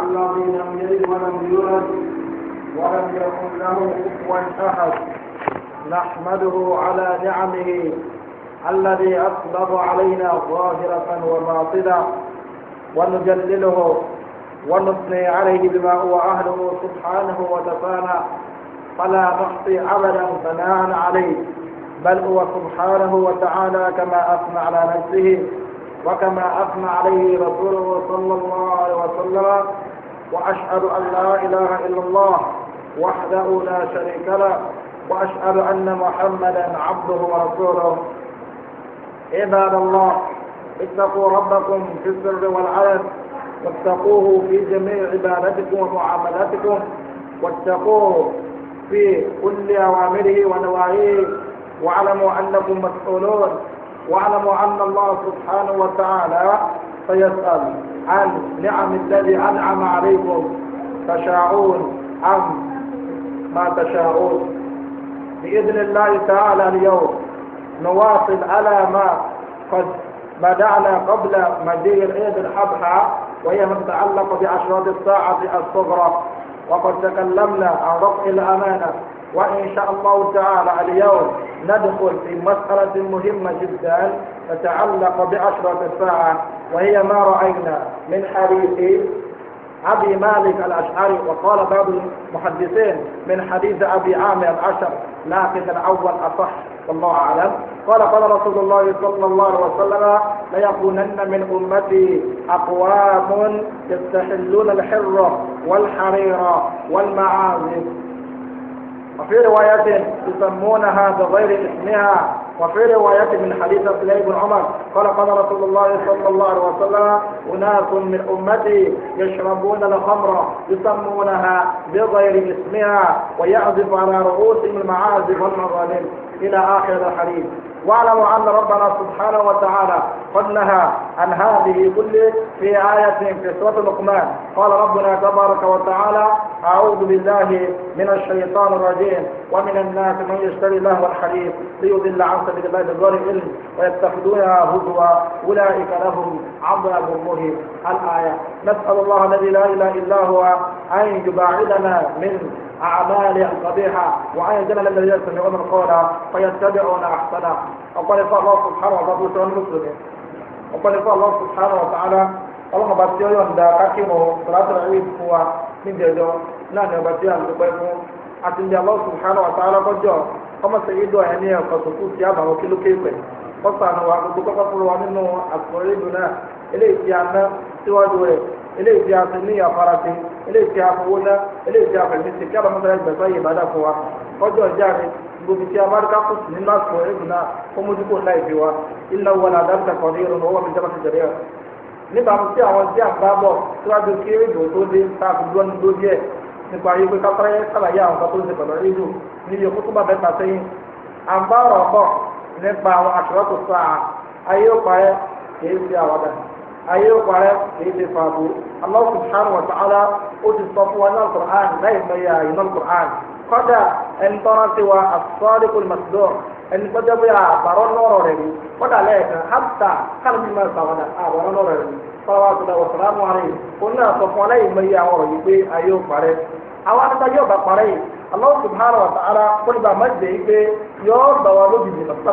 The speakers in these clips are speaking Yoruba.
الذي لم يلد ولم يولد ولم يكن له كفوا احد نحمده على نعمه الذي اطلب علينا ظاهره وباطنه ونجلله ونثني عليه بما هو اهله سبحانه وتعالى فلا نحصي ابدا ثناء عليه بل هو سبحانه وتعالى كما اثنى على نفسه وكما أثنى عليه رسوله صلى الله عليه وسلم وأشهد أن لا إله إلا الله وحده لا شريك له وأشهد أن محمدا عبده ورسوله عباد الله اتقوا ربكم في السر والعلن واتقوه في جميع عبادتكم ومعاملاتكم واتقوه في كل أوامره ونواهيه واعلموا أنكم مسؤولون واعلموا أن الله سبحانه وتعالى سيسأل عن نعم الذي أنعم عليكم تشاءون أم ما تشاءون بإذن الله تعالى اليوم نواصل على ما قد بدأنا قبل مجيء عيد الأضحى وهي ما تتعلق بأشراط الساعة الصغرى وقد تكلمنا عن رفع الأمانة وإن شاء الله تعالى اليوم ندخل في مسألة مهمة جدا تتعلق بعشرة ساعة وهي ما رأينا من حديث أبي مالك الأشعري وقال بعض المحدثين من حديث أبي عامر الأشعر لكن الأول أصح والله أعلم قال قال رسول الله صلى الله عليه وسلم ليكونن من أمتي أقوام يستحلون الحرة والحريرة والمعازف وفي رواية يسمونها بغير اسمها وفي رواية من حديث عبد الله بن عمر قال قال رسول الله صلى الله عليه وسلم أناس من أمتي يشربون الخمر يسمونها بغير اسمها ويعزف على رؤوسهم المعازف والمظالم إلى آخر الحديث واعلموا أن ربنا سبحانه وتعالى قد نهى عن هذه كله في آية في سورة لقمان قال ربنا تبارك وتعالى أعوذ بالله من الشيطان الرجيم ومن الناس من يشتري له الحديث ليضل عن سبيل الله بغير علم ويتخذونها هزوا أولئك لهم عذاب مهين الآية نسأل الله الذي لا إله إلا هو أن يباعدنا من a قبيحة a يجعلنا الذين يستمعون القول فيتبعون أحسنه وقال الله سبحانه وتعالى سوى المسلمين وقال الله سبحانه وتعالى ọlọ́run ọba tí ó yọ̀ǹda kákìmọ̀ sọ̀rọ̀tàrà rí fún wa níjẹ̀jọ́ náà ni ọba tí a ń dúpẹ́ ndị àti ní Allah subhanahu wa ta'ala kọjọ́ ọmọ sẹ́yìn dọ̀ ẹ̀ ní ẹ̀kọ́ tó wa ndị eléyìí tí a fi ní àfara sí eléyìí tí a fowó ná eléyìí tí a fẹ̀mí sí kí alamọ́tàlá gbẹ̀sọ́ yìí ìbàdàn fún wa ọjọ́ ìjà mi gbogbo tí a bá ká kó sí nínú àsìkò ẹ̀rù náà kó mójúkó ńlá ìfi wa ilẹ̀ wọn là dábìtà kọ̀ọ̀dé irun owó mi jábọ̀ ti jẹ̀rẹ̀ rẹ̀ níbàámu sí àwọn tí a bá bọ̀ síwájú kí rédíò tó dé tá a fi dúró ní lójú ẹ̀ nípa yìí pé káfáyé sàlàyé àwọn kan tó ń ṣe pẹ̀lú rédíò níbi òkú tó bá bẹ́ẹ̀ ta sẹ́yìn àbárò ọ̀pọ̀ nípa àwọn àṣọ ayé ó parẹ́ kì í ṣe àwàdà ayé ó parẹ́ kì í Allah subhanahu wa ta'ala ó ti wa náà Qur'an láì mẹ́yà Al Qur'an kọ́dà ẹni tọ́ra sí wa àsọ́rí kò mà dọ̀ ẹni tó jẹ́ bí àbárọ̀ lọ́rọ̀ rẹ̀ ni kọ́dà lẹ́ẹ̀kan hàbùtà kálùmí máa sàwọ́dà àbárọ̀ lọ́rọ̀ rẹ̀ ni sọ́wọ́ àtúndà wọ̀ sàlámù àrẹ kò náà sọ fún wa láì mẹ́yà ọ̀rọ̀ yìí pé ayé ó parẹ́ àwọn adájọ́ yóò Allah subhanahu wa ta'ala kó ní bá má jẹ́ yìí pé yọ́ọ́ gbà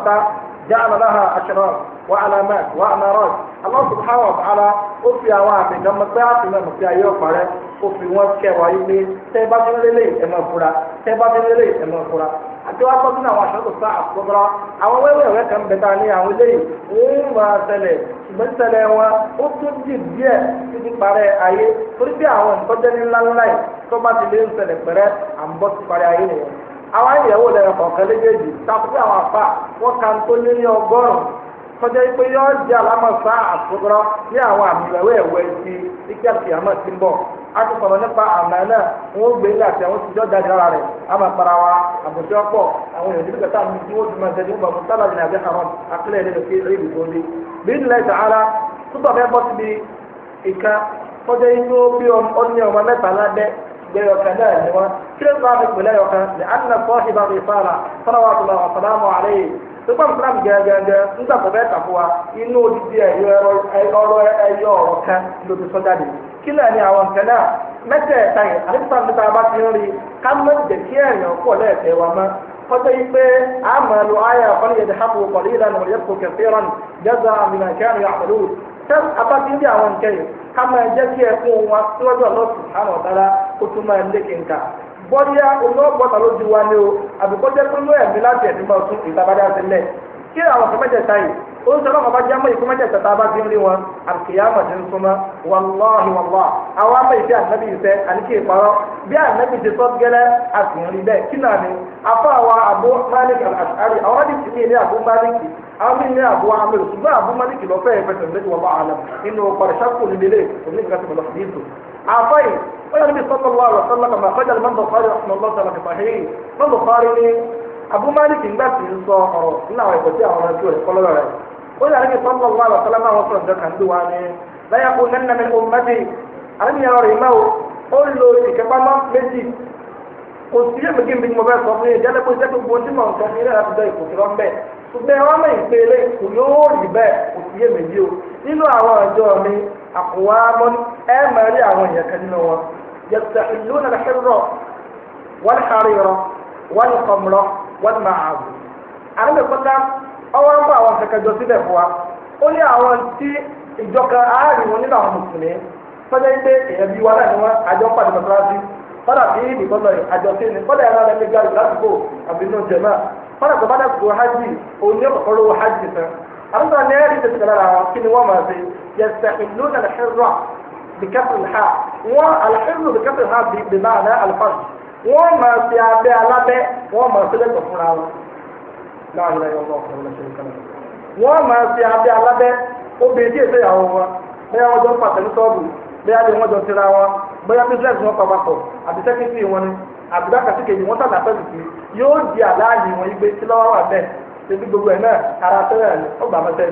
wá وعلامات وأمارات الله سبحانه وتعالى ó fi àwọn àmì kan mọ pé àti mẹ́mọ̀ sí ayé ọ̀pá rẹ ó fi wọ́n kẹwàá yìí pé tẹ́ bá fi lélẹ̀ ẹ̀ máa fura tẹ́ bá fi lélẹ̀ ẹ̀ máa fura àti wá gbọ́dún àwọn aṣọ́tò sá àkókò àwọn wẹ́wẹ́wẹ́ kan bẹ̀ta ní àwọn ilé yìí ń máa ṣẹlẹ̀ ṣùgbọ́n ṣẹlẹ̀ wọn ó tún jì díẹ̀ títí parẹ́ ayé torí bí àwọn nǹkan jẹ́ ní ńláńlá yìí tó bá ti lé ń ṣẹlẹ̀ pẹ̀rẹ́ à kọjá yìí pé yọ jẹ́ alámọ̀sá àtúgbọ́rọ́ ní àwọn àmì ìwé ẹ̀wẹ́ ti ìkẹ́ àti àmọ́ ti ń bọ̀ a ti sọ̀rọ̀ nípa àmà náà wọ́n gbé ilé àti àwọn ìṣèjọ́ jáde lára rẹ̀ àmà para wa àbòsí ọ̀pọ̀ àwọn èèyàn nígbà táwọn mi tí wọ́n ti máa jẹ́jú bàbá sábà ní àbí àwọn akílẹ̀ ilé lókè rí ìbò dé. bí ilẹ̀ ìtàhárà túbọ̀ fẹ́ bọ́ síbi ìka kọjá yìí ló bí ọní ọmọ mẹ́ta lábẹ́ gbẹ̀yọ̀kan náà ni wọ́n kí ló bá mi pè lẹ́yọ̀kan ní sọ́kọ́ ìsìlámù gẹ́gẹ́gẹ́ nígbà tó bẹ́ẹ̀ kàfọ́ wa inú odidi ẹ̀yọ ọ̀rọ̀ ẹ̀yọ ọ̀rọ̀ kan ló ti sọ jáde kí lẹ́ẹ̀ ni àwọn nǹkan náà mẹ́tẹ̀ẹ̀ta yẹn àdébùsọ̀ níta bá ti ń rí ká mọ́ jẹ́ kí ẹ̀yàn pọ̀ lẹ́ẹ̀fẹ̀ wa mọ́ kọjá yìí pé àmàlù ayé àkọlé yẹn ti hàpù kọ̀lé ìlànà òye kò kẹfẹ́ rán jẹ́zà àmìnà kẹrin àbẹ̀lú tẹ́ abájú bí àwọn nǹkan yìí ká máa bọ́díá olóògbọ́ta ló di wa ni o àbíkọ́jẹ́ pé ló ẹ̀mí láti ẹ̀mí máa tún ìtabadá sí lẹ̀ kí àwọn ọ̀sẹ̀ mẹ́tẹ̀ẹ̀ta yìí ó ń sọ fún ọba jẹ́ mọ́yì fún mẹ́tẹ̀ẹ̀ta tá a bá ti ń rí wọn àkìyàmọ̀ ti ń súnmọ́ wàláhi wàlá àwọn amọ̀ ìfẹ́ ànábì ìfẹ́ àníkè ìparọ́ bí ànábì ti sọ gẹ́lẹ́ àtìyànrí bẹ́ẹ̀ kí náà ni afọ àwọn Abu Malik al-Ash'ari àwọn ọdí ti ní Abu Malik àwọn mi ní Abu Amir ṣùgbọ́n Abu Malik lọ fẹ́ẹ́ fẹsẹ̀ méjì wọ́n bá àlọ́ nínú ọkọ̀ rẹ̀ ṣàkóso àfáì wọ́n yàrá bí sọ́kọ̀lọ́ àwọn sọ́lọ́mà máa fẹ́jà lè má bọ̀kọ́rì ọ̀sánlọ́ sọ̀rọ̀ kìfàhìrì má bọ̀kọ́rì ní abúmálìkì ńgbà tí ń sọ ọ̀rọ̀ nínú àwọn ìkọ̀tí àwọn ọ̀rọ̀ ìkọlọ́ kọlọ́rọ̀ rẹ̀ wọ́n yàrá bí sọ́kọ̀lọ́ àwọn sọ́lọ́mà wọn sọ̀rọ̀ dọ́kà ń dùwà ní láyà kó nánà mi òun mẹ́tì àníyàn rẹ̀ máa ó lo ìkẹ́pámọ́ méjì kò sí èmìkì mi mo fẹ́ sọ fún yín jẹ́lẹ́ pé jẹ́ gbogbo tí mò ń sọ fún yín láti dọ́ ìkòtò lọ bẹ́ẹ̀ ṣùgbọ́n ẹ wá mọ̀ ìpele kò yóò rí bẹ́ẹ̀ kò sí èmìkì o nínú àwọn àjọ mi àkùwá mọ́ni ẹ máa rí àwọn èèyàn kan nínú wọn yẹtẹ ìlú nàlẹ xirọ wọn xarí rọ wọn kọmrọ wọn máa wù. àwọn ìpínlẹ̀ ọwọ́ ń bọ̀ àwọn kẹkẹjọ síbẹ̀ fún wa ó ní àwọn tí ìjọka ààrin wọn nínú àwọn mùsùlùmí fẹ́jẹ́ pé èèyàn bíi wa láti wọn àjọ pàdé mọ́tàlásí fọ́dà bí ìbọn lọ àjọ sí ni fọ́dà ẹ̀rọ ẹ̀mí gbàlù lásìkò àbí inú jẹ̀mọ́ fọ́dà tó bá dẹ̀ kó hajj òun ní ọ̀kọ́ lówó hajj tán àwọn náà ní ẹ̀rí tẹ̀sí lára wọn kí ni wọ́n máa ṣe yẹsẹ̀ ìlú nàlẹ́ بكسر الحاء والحفظ بكسر الحاء بمعنى الفرج وما في أبي على وما في الكفر لا إله إلا الله وحده شريك له وما في أبي على obìnrin tí èso ìyàwó wọn bóyá wọn jọ ń pàtẹ ara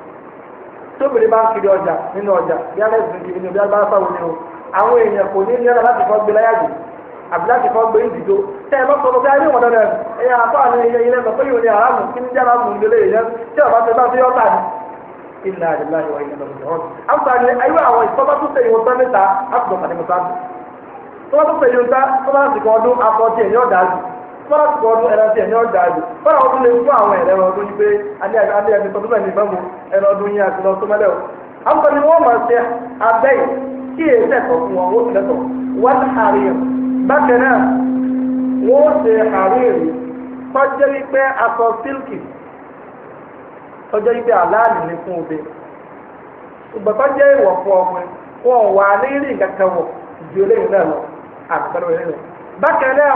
tóbìrì bá ń kiri ọjà nínú ọjà bí alẹ́ ìsìn kiri ní bí alẹ́ bá sáwọn ni o àwọn èèyàn kò ní níyàrá láti fọ́ gbé láyàjò àbí láti fọ́ gbé ìdìdó tẹ́ ẹ bá sọ pé ayé wọn lọ́dọ̀ ẹ̀yà àpá àná ní kí ní jára mú tí ọba bá fi ni. ilà àdìlá ìwà ayé àwọn tó fọ́nà tó kọ́ ọdún ẹran tí ẹ̀mí ọjà àjò fọ́nà ọdún lè fún àwọn ẹ̀rẹ́ ọdún yìí pé alẹ́ ẹ̀mí tọdún mẹ́rin fẹ́ mu ẹran ọdún yìí àti lọ sọmọlẹ́ o. àwọn ni wọ́n máa ṣe abẹ́ yìí kí èyí fún wọn wọ́n wọ́n bákan náà wọ́n ṣe tọ́jẹ́ wípé aṣọ sílkì tọ́jẹ́ wípé aláàlì ni fún obe tọ́jẹ́ ìwọ̀ bákan náà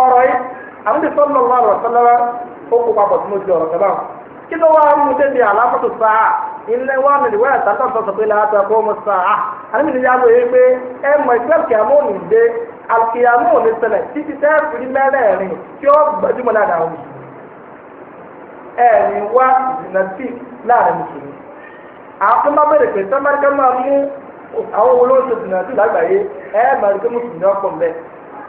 Ọrọ ị, àwọn ìfọ̀ lọ́wọ́ ọ̀rọ̀ sọ́lọ́wọ́ ó kó tí mo kí ló wá mú débi àlàfọ́tò sáà ilé wa mi wá ìtàkùn sọ̀tọ̀ pé láti ọkọ̀ mo sáà àní mi yàgò yìí pé ẹ mọ̀ ìgbẹ́ kìámọ́ òní dé àkìámọ́ òní títí tẹ́ mẹ́rẹ̀ẹ̀rin ó gbajúmọ̀ wá láàrin mùsùlùmí. bẹ̀rẹ̀ pé máa mú àwọn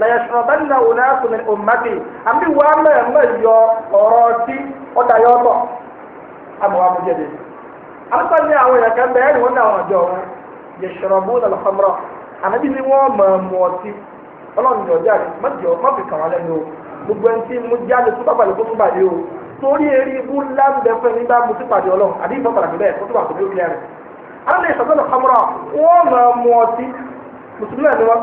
lẹyẹsọ̀rọ̀bẹ́nà ònàkùnrin òmàdì àbí wà mẹ́ẹ̀mẹ́ yọ ọ̀rọ̀ tí ó dayọ́ tọ̀ àmọ́ àmújẹ́dẹ́. àbúkọ́ ní àwọn èèyàn kan bẹ́ẹ̀ ni wọ́n ní àwọn àjọ wọn yẹsọ̀rọ̀bù lọ́lọ́kọ́mọ́rọ̀ ànábì ni wọ́n mọ̀ mọ̀ ọtí ọlọ́run yọ̀ jáde mọ́jọ mọ́bì kàn wá lẹ́nu o gbogbo ẹni tí mo jáde tó bàbà lè kó tó bàdé o torí eré ibú ńlá ń bẹ fún ẹni bá mo ti pàdé ọlọ́run àbí ìbọn pàdé bẹ́ẹ̀ kó tó bàbà tó bí ó kílẹ̀ rẹ̀. àwọn èèyàn sọ̀tọ̀ lọ́kọ́mọ́rọ̀ wọ́n mọ̀ mọ̀ ọtí mùsùlùmí ẹ̀ ni wọ́n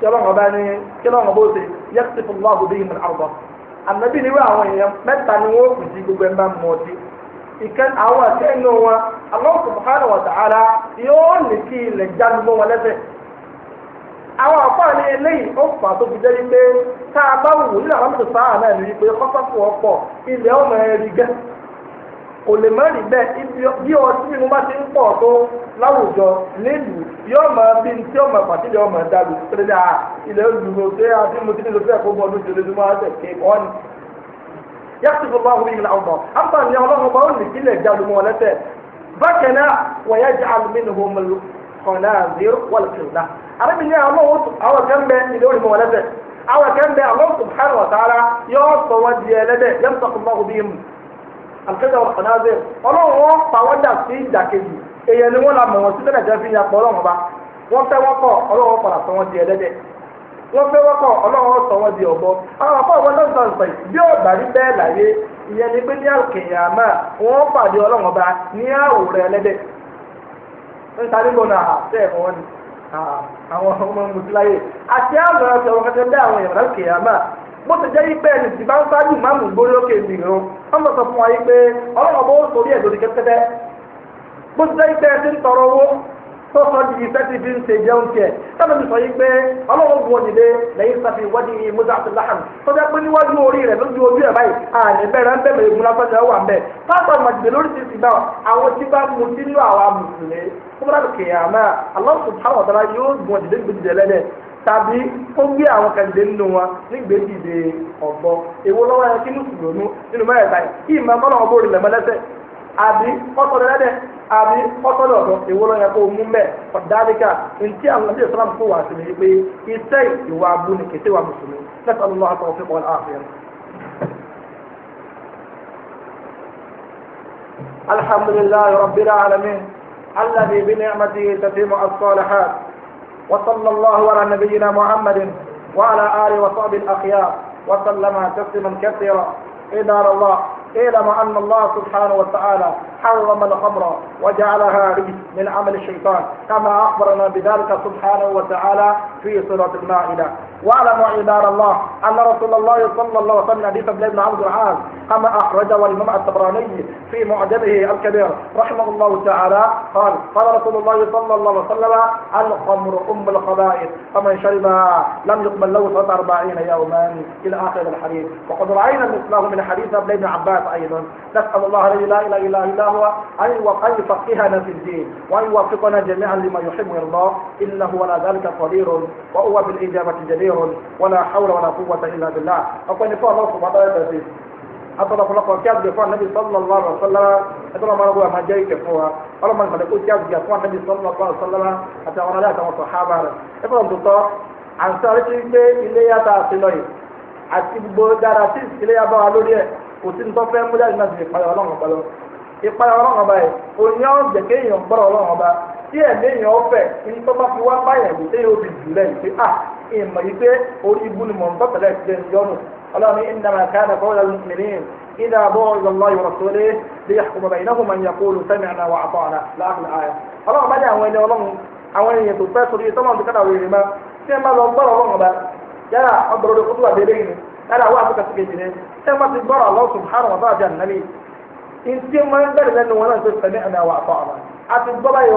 kílọ̀nà bá ní kílọ̀nà bó ṣe yẹ́sìtìfù lọ́hù bí ìmọ̀ àrùbọ̀. ànábì níwọ̀ àwọn èèyàn mẹ́ta ni wọ́n kù sí gbogbo ẹ̀mbá mọ̀ ọtí. ìkẹ́ àwọn akẹ́yìn wọn Allah subhanahu wa ta'ala yóò ní kí ilẹ̀ jáde mọ́ wọn lẹ́sẹ̀. àwọn àpáà ní eléyìí ó fà tó fi jẹ́ wípé tá a bá wù nílẹ̀ àwọn mẹ́ta sáà náà ní wípé kọ́sọ́fù ọ̀pọ̀ ilẹ̀ ọmọ ẹ̀rí gẹ́ kò lè má rí bẹ́ẹ̀ bí ọtí mímu bá ti ń pọ̀ tó láwùjọ nílùú yóò máa bí ní tí ọmọ pàtí lè ọmọ dàlù tẹ́lẹ̀ dà ilẹ̀ olùdókòwò tó yà á ti mú lọ́sẹ̀ kó bọ́ọ̀dún tó lè dùn máa tẹ̀ ni. yàtí tó bá wù yìí làwọn ni ọlọ́run bá ó lè kí lè wọ́n àwọn àlùkẹ́tà wọn kàná ọlọ́run dà sí ìdàkejì èèyàn ni wọ́n la mọ̀ wọ́n sí tẹ́lẹ̀ jẹ́ fi ya pọ̀ ọlọ́run ọba wọ́n fẹ́ wọ́n ọlọ́run padà di ẹlẹ́dẹ̀ wọ́n fẹ́ wọ́n ọlọ́run sọ di afọ náà sọ̀rọ̀ sọ̀rọ̀ bí ọ̀gbà rí bẹ́ẹ̀ láyé ìyẹn ni pé ní ọba bó ti jẹ́ yípe ẹni tí bá ń sáájú máàmù gbórí lókè ìdìrún wọ́n lọ sọ fún wa yí pé ọlọ́run ọba ó sórí ẹ̀ lórí kẹ́tẹ́kẹ́tẹ́ bó ti jẹ́ yípe ẹ ti ń tọrọ owó tó sọ di ìfẹ́ ti fi ń ṣe jẹun tiẹ̀ sábà mi sọ yí pé ọlọ́run bu òní lé lẹ́yìn sáfì wájú ní musa abdullahan tó jẹ́ pé níwájú orí rẹ̀ lójú ojú ẹ̀ báyìí àní bẹ́ẹ̀ ń bẹ̀rẹ̀ ìmúra fẹ́sẹ̀ wà bẹ́ẹ̀ pápá màjèlé lórí ti sì náà àwọn tí bá mu sínú àwa mùsùlùmí fúnra kìyàmá Allah subhanahu wa ta'ala yóò gbọ̀n dìde gbèdìdẹ̀ tàbí ó gbé àwọn kẹ̀ǹdé nínú wọn nígbè dìde ọ̀bọ èwo lọ́wọ́ yẹn kí mùsùlùmí nínú mẹ́rẹ̀ẹ́ta yìí kí ìmọ̀ ọmọ náà bóri lẹ́mọ lẹ́sẹ̀ àbí ọ̀sọ̀dọ̀ lẹ́dẹ̀ àbí ọ̀sọ̀dọ̀ ọ̀dọ̀ èwo lọ́wọ́ yẹn kó mú mẹ́ ọ̀dáríkà ntí àwọn ọmọdé sọ́nà kó wà sí mi pé iṣẹ́ ìwà abú ni kètè wà mùsùlùmí الحمد لله رب العالمين الذي بنعمته تتم الصالحات وصلى الله على نبينا محمد وعلى آله وصحبه الأخيار وسلم تسليما كثيرا عباد الله اعلم أن الله سبحانه وتعالى حرم الخمر وجعلها رجس من عمل الشيطان كما أخبرنا بذلك سبحانه وتعالى في سورة المائدة واعلموا عباد الله أن رسول الله صلى الله عليه وسلم حديث ابن عبد العزيز كما أخرجه الإمام الطبراني في معجمه الكبير رحمه الله تعالى قال قال رسول الله صلى الله عليه وسلم الخمر أم الخبائث فمن شربها لم يقبل له صلاة أربعين يوما إلى آخر الحديث وقد رأينا مثله من حديث ابن عباس أيضا نسأل الله الذي لا إله إلا, إلا هو أن يفقهنا في الدين وأن يوفقنا جميعا لما يحب الله إنه ولا ذلك قدير وهو بالإجابة جدير ولا حول ولا قوة إلا بالله أقول نفوه الله سبحانه وتعالى atọlọpọlọpọ kí agbè fún anabi sallallahu alaihi wasallam ẹtọlọ máa wọ àmà jẹ ìkẹ fún wa ọlọmọ ìgbàlẹ kó kí agbè fún anabi sallallahu alaihi wasallam àti àwọn aláàtà wọn sàhábà rẹ̀ ẹfọ ntutọ àǹtí àti gbé ilé yàtọ̀ àti lọyìn àti gbogbo dára tí ilé yàtọ̀ wa lórí ẹ kò sí ntọ́ fẹ́ múlẹ̀ ní àti ìpayà ọlọ́run ọba lọ ìpayà ọlọ́run ọba yẹ òní ọ̀ jẹ́ kéèyàn gbọ́dọ̀ ọlọ́run ọba tí ẹ̀mí èèyàn ọ̀fẹ́ ntọ́ bá ah, ni mọ̀ ntọ́ tẹ̀lé ọlọ́run ìnáma káàdà kọ́wọ́lá mìíràn ìdá bọ́ ìlọ́lá yọ̀rọ̀ tó lé lè yàkùnmọ̀ bẹ̀yìn náà máa ń yàkóòlù sẹ́mi àná wà àpọ̀ àná láàbùn àyà ọlọ́run bá dé àwọn ẹni ọlọ́run àwọn èèyàn tó fẹ́ sórí tọ́lọ́run ti kádà wèrè ma tí ẹ máa lọ gbọ́rọ̀ ọlọ́run ba yàrá ọgbọ̀rọ̀ lè kótó wà bẹ́ẹ̀ lẹ́yìn yàrá wà àtúkà síbi ìdílé tí ẹ máa ti gbọ́rọ̀ Allah subhanahu wa ta'ala jẹ́ ànábì ìtì máa ń bẹ̀rẹ̀ lẹ́nu wọn náà tó sẹ́mi àná wà àpọ̀ àná àti gbọ́ báyìí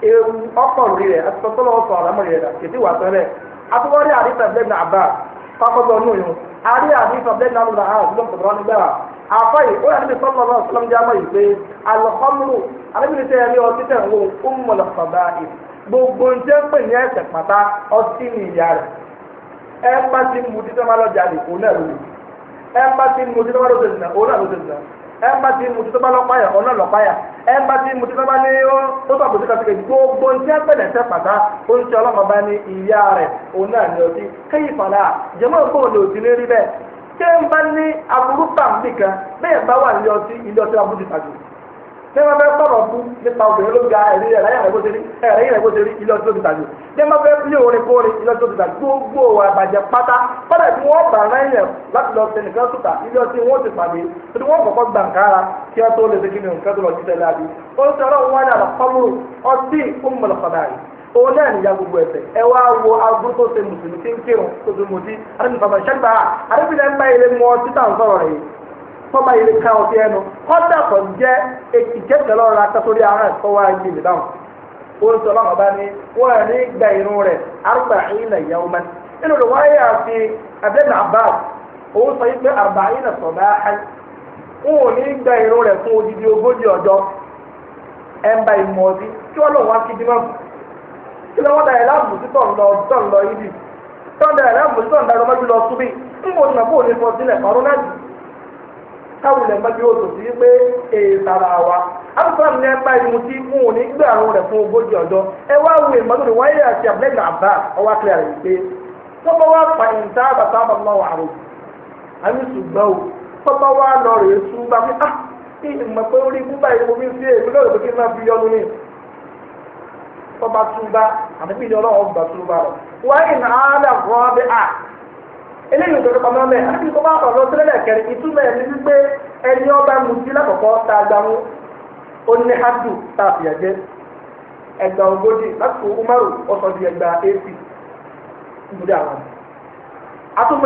ewu ọkàn rí rẹ̀ àti sọ́sọ́lọ́ ọ̀sọ̀ àlámọ̀rí rẹ̀ kìtì wà sẹ́lẹ̀ àtúwárí àdìsọ̀ bẹ́ẹ̀ náà bá pápákọ̀ ọ̀nù yìí àrí àdìsọ̀ bẹ́ẹ̀ náà àwọn ó yà níbi náà ní yìí pé ẹni ọtí ó yìí gbogbo ń ní pátá ọtí ní ìyá ẹ bá ti mú títí ọmọ lè ẹnbàtí mo ti sábà ní ó sàbòsí kàtìkè gbogbo ní ẹgbẹ̀lẹ̀ tẹ́ pàtà ó ń ṣe ọlọ́mọba ní ìyá rẹ̀ òun náà ní ọtí kéyìí fàlà jẹ́mọ́ ìfọ̀ òní òtí ní rí bẹ́ẹ̀ ṣé ń bá ní aburú pàǹdì kan bẹ́ẹ̀ bá wà ní ọtí ilé ọtí abúlé ní wọn fẹ́ sọ̀rọ̀ fún nípa obìnrin ló ga ẹrí ẹrẹ yàrá ìbò sẹrí ẹrẹ yàrá ìbò sẹrí ilé ọtí òkúta jù ní wọn fẹ́ fi orin kórin ilé ọtí òkúta gbogbo wa bàjẹ́ pátá kọ́dà tí wọ́n bà rán yẹn láti lọ sẹ nìkan sùtà ilé ọtí wọn ti pàdé tí wọ́n kọ́kọ́ gbà ń kára kí wọ́n tó lè ṣe kí ni nǹkan tó lọ jíṣẹ́ láàbí ó ń sọ̀rọ̀ wọn ní àlọ́kọ́mù ọtí ọmọlọ́kọ̀dá yìí òun náà níyà gbogbo ẹsẹ̀ ẹ wá wo agbó tó ṣe mùsùlùmí tí ń kírun tó ṣe mùsùlùmí àti nìfàmà ṣẹ́gbàá àdébìnrin ẹ̀ ilé mu ọtí ń sọ̀rọ̀ rẹ̀ kọba ilé ká ọtí ẹnu kọ́dà kan jẹ́ ìkẹ́kẹ́ lọ́rọ̀ akásórí ara dáhùn ó sọ lọ́wọ́ bá ní wọ́n ẹ̀ ní irun rẹ̀ inú wáyé àti abẹ́nà òun sọ pé ẹ̀ ń ò ní irun rẹ̀ fún odidi ogójì ọjọ́ ẹ̀ ń ba ìmọ̀ ọtí kí wọ́n lọ káwulẹ̀ mọ́jú oṣù sí pé èèsàrà wa amsam ní ẹgbà ìmùtí fún òní gbé àrùn rẹ̀ fún ogójì ọjọ́ ẹ wá wo ìmọ̀tòrò wáyé àti àbúlẹ̀gbà àbá ọwọ́ akẹ́lẹ̀ rẹ̀ pé tọ́pọ̀ wá pa ìta bàtà bàbá wà rò àmì ṣùgbọ́n o tọ́pọ̀ wá lọ rè é sùn ah kí pé orí èmi pé kí n máa fi yọnu ni àmì eléyìí tó kọ́ mọ́mẹ́ àti kó bá ọ̀rọ̀ sílẹ̀ kẹrin ìtumọ̀ ẹni wípé ẹni ọba mutí lákòókò tá a gbà hadu tá a ẹgbà ogójì láti umaru ọsàn ẹgbà eighty ìbúdí àwọn ìtura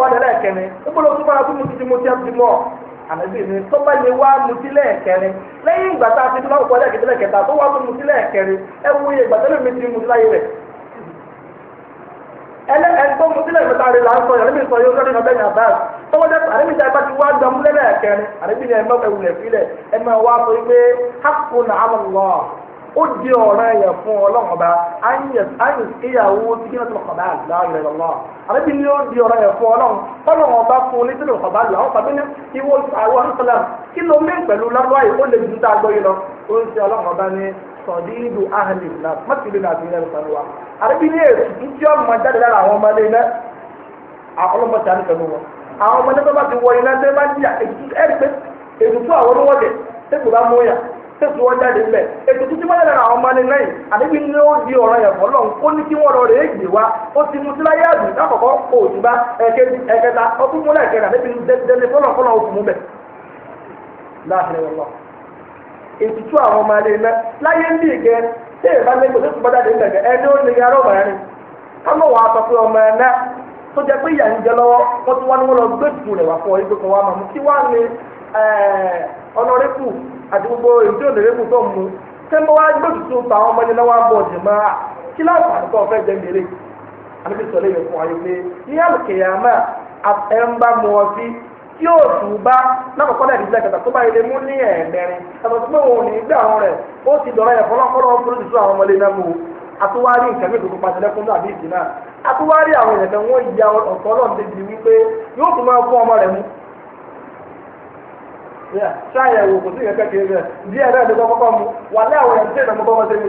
wà lẹ́lẹ̀ kẹrin tó ti àlejò tó bá wá mutí lẹ́ẹ̀kẹrin lẹ́yìn ìgbà tá a ẹlẹ ẹgbọn mo sílẹ̀ ìgbésà rẹ̀ lásán yàrá mi sọ yóò lọ́dún ọ̀bẹ yàn báyìí tọwọ́ dẹ́pọ̀ àrẹ́mi jẹ́ ìbájú wá dọ̀mú lẹ́lẹ̀ kẹrin àrẹ́mi ni ẹ̀mọ́ ẹ̀wùlẹ̀ filẹ̀ ẹ̀mọ́ wa sọ pé hapò nà á lọ ó di ọ̀ràn ẹ̀yẹ fún ọlọ́mọba ayé ìyàwó tí kí n tó kọ̀ọ̀bá àgbáyé lọ́wọ́ àrẹ́mi ni ó di ọ̀ràn ẹ̀yẹ fún ọlọ́run ọlọ́mọba fún oníṣẹ́lẹ̀ kọ̀ọ̀bá lọ àwọn fàmílì ìwọ àwọn sọlá kí ló mẹ́ pẹ̀lú lọ́wọ́ àyè ó lè dùn tá a gbọ́ sọ̀dídù ahàlì náà na náà na rẹ̀ pẹ̀lú wa. àdébí ní èsì ìjọ máa jáde lára àwọn ọmọ ilé náà àwọn ọmọ a ní pẹ̀lú wọn. àwọn ọmọ nígbà tí wọ iná tẹ́ bá jìyà ẹgbẹ́ ètùtù àwọn olówóde tẹ́kù bá mú yà tẹ́kù wọn jáde mbẹ́ ètùtù tí wọ́n jáde lára àwọn ọmọ yìí di ọ̀rọ̀ yẹn fọlọ́ lọ ó ètùtù àwọn ọmọ alẹ́ iná láyé ń bí ìgẹ tí èèyàn bá lẹ́gbẹ̀ẹ́ tó ti bá jáde nígbàgbẹ́ ẹni ó lè yára ọmọ ẹni kámọ̀ wàá sọ pé ọmọ ẹ̀ná tó jẹ́ pé ìyà ń jẹ lọ́wọ́ wọ́n ti wá ní wọ́n lọ gbé ìtù rẹ̀ wá wá mú kí wá ní ọ̀nàrẹ́kù àti gbogbo èyí tí tí yóò tù bá lákòókò náà ìdílé kẹta tó bá ilé mú ní ẹ̀ẹ̀mẹrin àtàwọn tó pé òun ò ní gbé àwọn rẹ̀ ó ti dọ̀rọ̀ ẹ̀ fọlọ́kọ́lọ́ fúlùdì tó àwọn ọmọlé náà mú o nǹkan mẹ́tò tó pàṣẹ lẹ́kún náà bíi ìdìnnà ya ọ̀tọ̀ wípé yóò tún máa ọmọ rẹ̀ mú.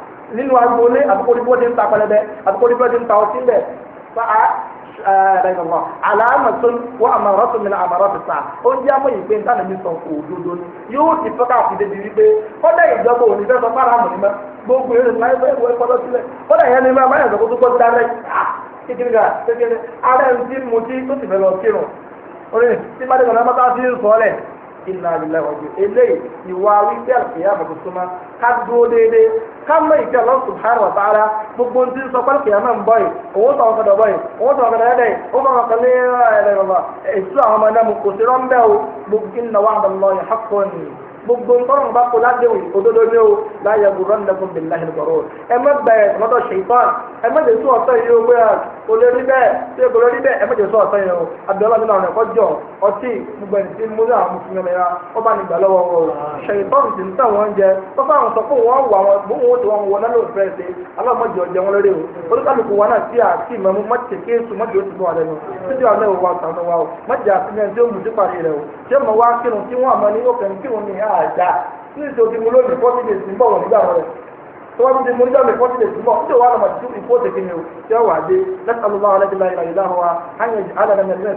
nínú agboolé àbíkóríbó ti ń ta pẹlẹbẹ àbíkóríbó ti ń ta ọtí bẹ fa a ẹ̀ẹ́dẹ̀gbọ̀n aláàmọ̀tún wọ́n àmọ̀rọ́tún mi ní àmọ̀rọ́tún sáà ó ń jẹ́ àmọ́ ìpè ń tànà mi sàn kó òdodo ni yóò ti fẹ́ káàkiri débi wípé kọ́dà ìjọba òní fẹ́ sọ fára àmọ̀ nímọ̀ gbogbo èrè náà ẹgbẹ́ ìwé kọ́dọ̀ sílẹ̀ kọ́dà ìyẹn ni máa máa yàtọ̀ kó tó kọ́ dárẹ́ kékeré kékeré ara ẹ̀ ń tí mo tí tó ti fẹ́ lọ kírun orin tí má iná lílẹ̀ ọjọ́ eléyìí ìwà wípé àlùkìyà mọ̀ tuntun ma ká dúró déédéé ká mọ ìdí Allah subhanahu wa ta'ala gbogbo ní ti sọ pé àlùkìyà máa ń bọ̀ yìí owó sọ àwọn kọ̀dọ̀ bọ̀ yìí owó sọ àwọn kọ̀dọ̀ yẹ́dẹ̀ yìí ó máa wà pẹ̀lú ẹ̀rẹ̀ rẹ̀ èso àwọn ọmọ náà mo gbogbo ntọ́rọ̀ bá kó ládéhùn òdodo ní o láyé burúkú ndẹ́kun bìláhi lọ́rọ́ ẹ má bẹ̀rẹ̀ lọ́dọ̀ ṣèitán ẹ má jẹ́ sún ọ̀tọ́ yìí o pé o lè rí bẹ́ẹ̀ tí o lè rí bẹ́ẹ̀ ẹ má jẹ́ sún ọ̀tọ́ yìí o abiola nínú àwọn ẹ̀kọ́ jọ ọtí gbogbo ẹni tí mo ní àwọn mùsùlùmí mẹ́ra ó bá nígbà lọ́wọ́ o ṣèitán ti ń tà wọ́n jẹ tó fà wọn sọ pé wọ́n wà wọn bó wọn tó wọn wọ náà ló fẹ́ ṣe alámọ̀jẹ ọ̀jẹ̀ wọn lórí o olúkàlùkù wa náà ti àti ìmọ̀mú má ti ké sùn má ti ó ti bọ̀ wà lẹ́nu títí wà lẹ́wọ̀ wa o má jẹ́ àfihàn tí ó mú sí parí rẹ̀ o ṣé mo wá dáadáa tí ìṣòdì mo lónìí fọ́tí lè sìn bọ̀wọ̀ nígbà wọn tó wá dúdú mọ́jọ́ mi fọ́tí lè túbọ̀ tó wà lọ́mọ tó ìfọ́ tètè mi o tí wọ́n wà dé lẹ́sàlú bá wọn lẹ́gbẹ̀ẹ́ ìlà ìlà wa hàn yẹn jìhálà lẹ́nu ẹ̀rẹ́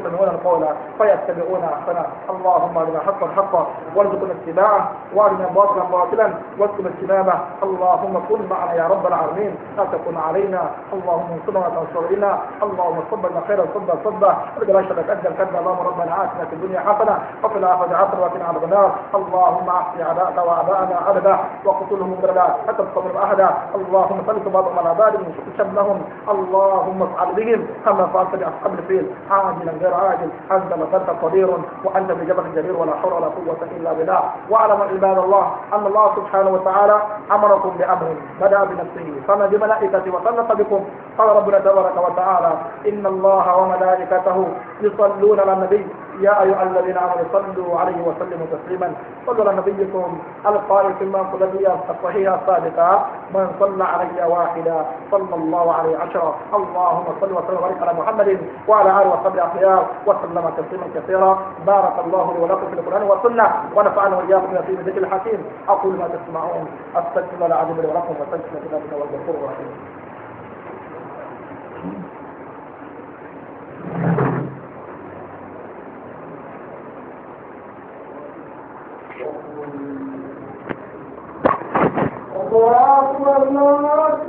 اللهم ارنا حقا حقا وارزقنا اتباعه وارنا باطلا باطلا وارزقنا اجتنابه اللهم كن معنا يا رب العالمين لا تكن علينا اللهم انصرنا ولا تنصر بنا اللهم صبرنا خيرا صبا صبا ارجع شرك انت الكذب اللهم ربنا اتنا في الدنيا حسنه وفي الاخره حسنه وقنا عذاب النار اللهم احيي اعداءنا واعداءنا ابدا وقتلهم بردا حتى تصبر احد أحدا اللهم فلت بعضهم على بعض من شبههم اللهم افعل بهم كما فعلت بأصحاب الفيل عاجلا غير عاجل أنت لصدت قدير وأنت بجبل جرير ولا حول ولا قوة إلا بالله واعلم عباد الله أن الله سبحانه وتعالى أمركم بأمر بدأ بنفسه فما بملائكته وصلت بكم قال ربنا تبارك وتعالى إن الله وملائكته يصلون على النبي يا أيها الذين آمنوا صلوا عليه وسلموا تسليما صلى نبيكم القائل في الذي الصحيحة الصادقة من صلى علي واحدا صلى الله عليه عشرة اللهم صل وسلم وبارك على محمد وعلى آله وصحبه أخيار وسلم تسليما كثيرا بارك الله لي ولكم في القرآن والسنة ونفعنا وإياكم في فيه ذكر الحكيم أقول ما تسمعون أستغفر الله العظيم لي ولكم وأستغفر الله الغفور الرحيم الله